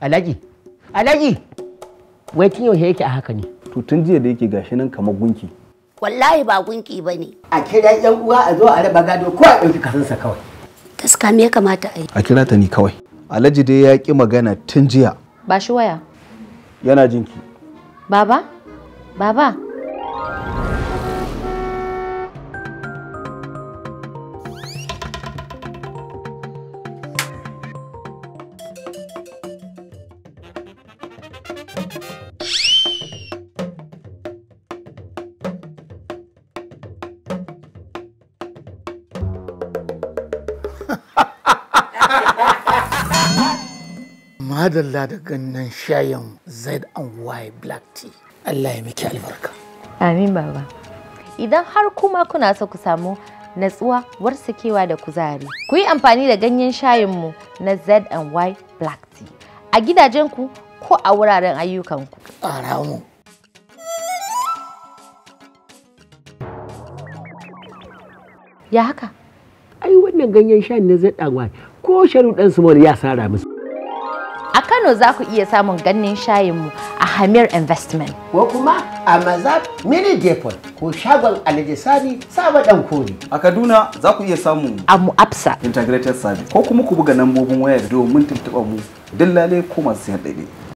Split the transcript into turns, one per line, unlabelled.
alaji. alaji. wai tun yaushe yake a haka ne? To tun jiya da yake gashi nan kamar gunki. Wallahi ba gunki ba ne. A kira yan uwa a zo a raba gado ko a ɗauki kasansa kawai. gaskiya me ya kamata a yi? A kira ta ni kawai. alaji dai ya ƙi magana tun jiya. Ba shi waya. Yana jinki. Baba, baba, madalla da ganin shayin Z and Y black tea.
Allah ya miki albarka.
Amin baba. Idan har kuma kuna so ku samu natsuwa, warsakewa da kuzari, ku yi amfani da ganyen shayinmu na Z and Y black tea. A gidajenku ko a wuraren ayyukanku? Ƙaramu. Ya haka? Ai wannan ganyen shan na zai ɗagwa ko sharuɗan su ya sara musu. A Kano za ku iya samun ganyen shayinmu a Hamir Investment. Ko kuma a Mazab Mini Depot ko shagon Alhaji Sani Saba Dan Kori. A Kaduna za ku iya samun a Mu'apsa Integrated Service ko kuma ku buga nambobin waya domin tuntuɓa mu dillale ko masu sayar da